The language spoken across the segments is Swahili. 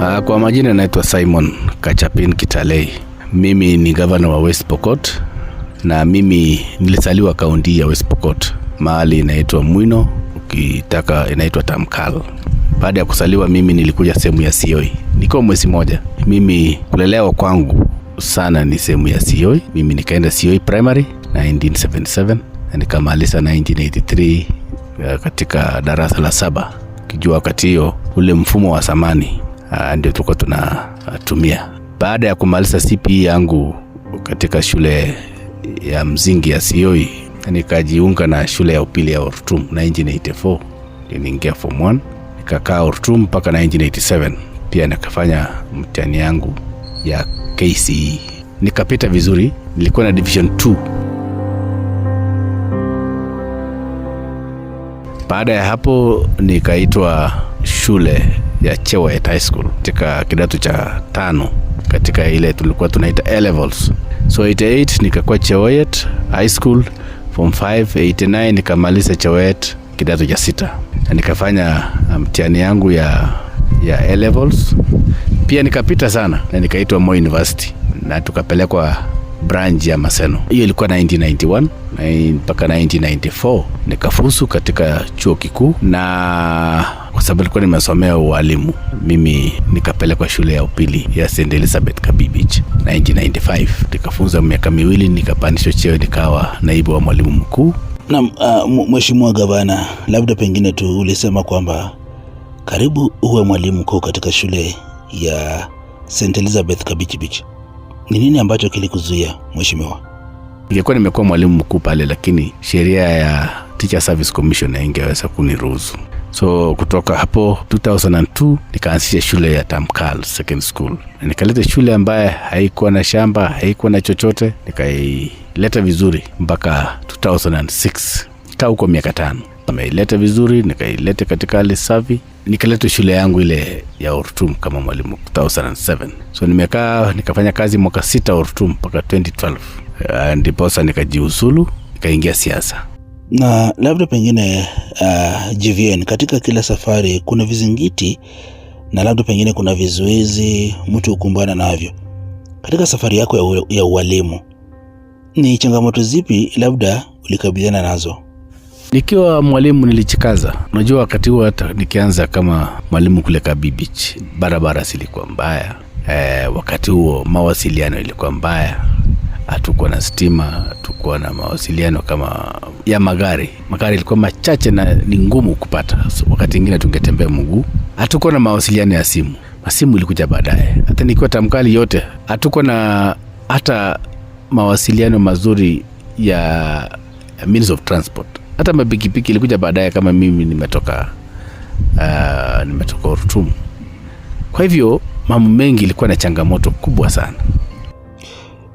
Ah, kwa majina naitwa Simon Kachapin Kitalei. Mimi ni gavana wa West Pokot na mimi nilisaliwa kaunti ya West Pokot, mahali inaitwa Mwino, ukitaka inaitwa Tamkal. Baada ya kusaliwa mimi nilikuja sehemu ya Sioi niko mwezi moja. Mimi kulelewa kwangu sana ni sehemu ya Sioi. Mimi nikaenda Sioi primary 1977 na nikamaliza 1983 eh, katika darasa la saba, kijua wakati hiyo ule mfumo wa zamani Ah, ndio tulikuwa tunatumia. Baada ya kumaliza CPE yangu katika shule ya msingi ya Sioi, e, nikajiunga na shule ya upili ya Ortum 1984 ndio niingia form 1 nikakaa Ortum mpaka 1987. Pia nikafanya mtihani yangu ya KCE nikapita vizuri, nilikuwa na division 2. Baada ya hapo nikaitwa shule ya chewa at high school katika kidato cha tano katika ile tulikuwa tunaita A levels. So 88 nikakuwa cheoet high school form 5, 89 nikamaliza cheoet kidato cha sita na nikafanya uh, mtihani yangu ya ya A levels pia nikapita sana na nikaitwa Moi University na tukapelekwa branch ya Maseno. Hiyo ilikuwa 1991 mpaka 1994 nikafusu katika chuo kikuu na kwa sababu nilikuwa nimesomea ualimu. Mimi nikapelekwa shule ya upili ya St Elizabeth Kabibich 1995 nikafunza miaka miwili, nikapandishwa cheo nikawa naibu wa mwalimu mkuu. nam uh, ah, mheshimiwa gavana, labda pengine tu ulisema kwamba karibu uwe mwalimu mkuu katika shule ya St Elizabeth Kabibich. Ni nini ambacho kilikuzuia mheshimiwa? ingekuwa nimekuwa mwalimu mkuu pale, lakini sheria ya Teacher Service Commission ingeweza kuniruhusu. So kutoka hapo 2002 nikaanzisha shule ya Tamkal Second School, nikaleta shule ambaye haikuwa na shamba, haikuwa na chochote, nikaileta vizuri mpaka 2006 kaa huko miaka tano nimeileta vizuri, nikaileta katika hali safi, nikaleta shule yangu ile ya Ortum kama mwalimu 2007. So nimekaa nikafanya kazi mwaka sita Ortum mpaka 2012, ah, ndiposa nikajiuzulu nikaingia siasa na labda pengine uh, GVN, katika kila safari kuna vizingiti na labda pengine kuna vizuizi mtu hukumbana navyo katika safari yako ya, ya ualimu. Ni changamoto zipi labda ulikabiliana nazo? Nikiwa mwalimu nilichikaza. Unajua, wakati huo hata nikianza kama mwalimu kule Kabibich, barabara zilikuwa mbaya. E, wakati huo mawasiliano ilikuwa mbaya hatukuwa na stima, hatukuwa na mawasiliano kama ya magari. Magari ilikuwa machache na ni ngumu kupata, so wakati ingine tungetembea mguu. Hatukuwa na mawasiliano ya simu, masimu ilikuja baadaye. Hata nikiwa tamkali yote, hatukuwa na hata mawasiliano mazuri ya, ya means of transport. Hata mapikipiki ilikuja baadaye, kama mimi nimetoka uh, nimetoka Urutumu. Kwa hivyo mambo mengi ilikuwa na changamoto kubwa sana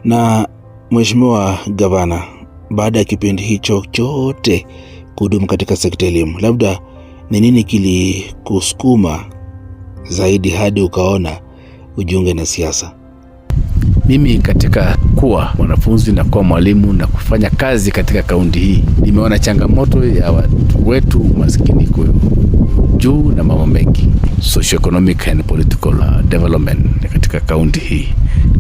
na Mheshimiwa Gavana, baada ya kipindi hicho chote kuhudumu katika sekta elimu, labda ni nini kilikusukuma zaidi hadi ukaona ujiunge na siasa? Mimi katika kuwa mwanafunzi na kuwa mwalimu na kufanya kazi katika kaunti hii, nimeona changamoto ya watu wetu, umaskini kwa juu na mambo mengi, socio economic and political uh, development katika kaunti hii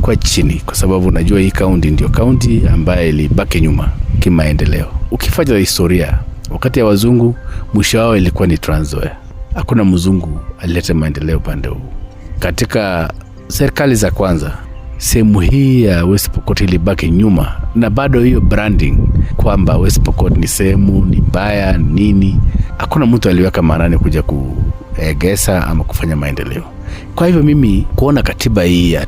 kwa chini, kwa sababu unajua hii kaunti ndio kaunti ambayo ilibaki nyuma kimaendeleo. Ukifanya historia, wakati ya wazungu mwisho wao ilikuwa ni Trans Nzoia. Hakuna mzungu alilete maendeleo upande huu. Katika serikali za kwanza, sehemu hii ya West Pokot ilibaki nyuma, na bado hiyo branding kwamba West Pokot ni sehemu ni mbaya nini, hakuna mtu aliweka maanani kuja kuegesa ama kufanya maendeleo. Kwa hivyo mimi kuona katiba hii ya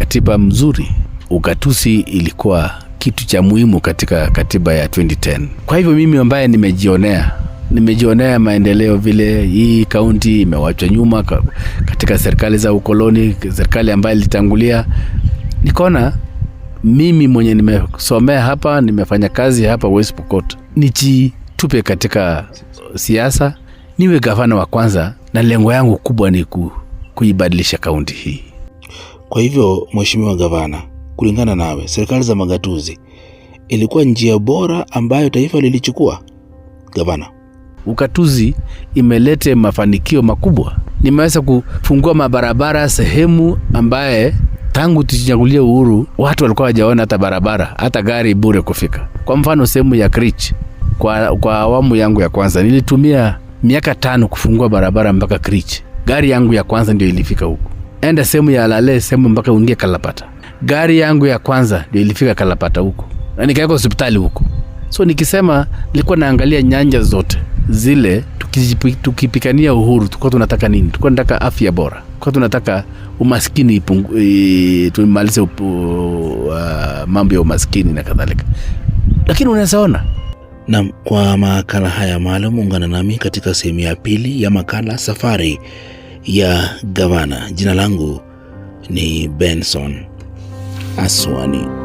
katiba mzuri. Ugatuzi ilikuwa kitu cha muhimu katika katiba ya 2010. Kwa hivyo mimi ambaye nimejionea nimejionea maendeleo vile hii kaunti imewachwa nyuma katika serikali za ukoloni, serikali ambayo ilitangulia, nikaona mimi mwenye nimesomea hapa, nimefanya kazi hapa West Pokot, nijitupe katika siasa, niwe gavana wa kwanza, na lengo yangu kubwa ni ku, kuibadilisha kaunti hii. Kwa hivyo, Mheshimiwa Gavana, kulingana nawe, serikali za magatuzi ilikuwa njia bora ambayo taifa lilichukua? Gavana: ukatuzi imelete mafanikio makubwa, nimeweza kufungua mabarabara sehemu ambaye tangu tuchinyagulia uhuru watu walikuwa hawajaona hata barabara hata gari bure kufika. Kwa mfano sehemu ya Krich kwa, kwa awamu yangu ya kwanza nilitumia miaka tano kufungua barabara mpaka Krich. Gari yangu ya kwanza ndio ilifika huko enda sehemu ya Lale, sehemu mpaka uingie Kalapata. Gari yangu ya kwanza ndio ilifika Kalapata huko na nikaweka hospitali huko. So nikisema nilikuwa naangalia nyanja zote zile, tukipikania uhuru tulikuwa tunataka nini? Tulikuwa tunataka afya bora, tulikuwa tunataka umaskini tumalize uh, mambo ya umaskini na kadhalika, lakini unawezaona nam. Kwa makala haya maalum, ungana nami katika sehemu ya pili ya makala Safari ya gavana. Jina langu ni Benson Aswani.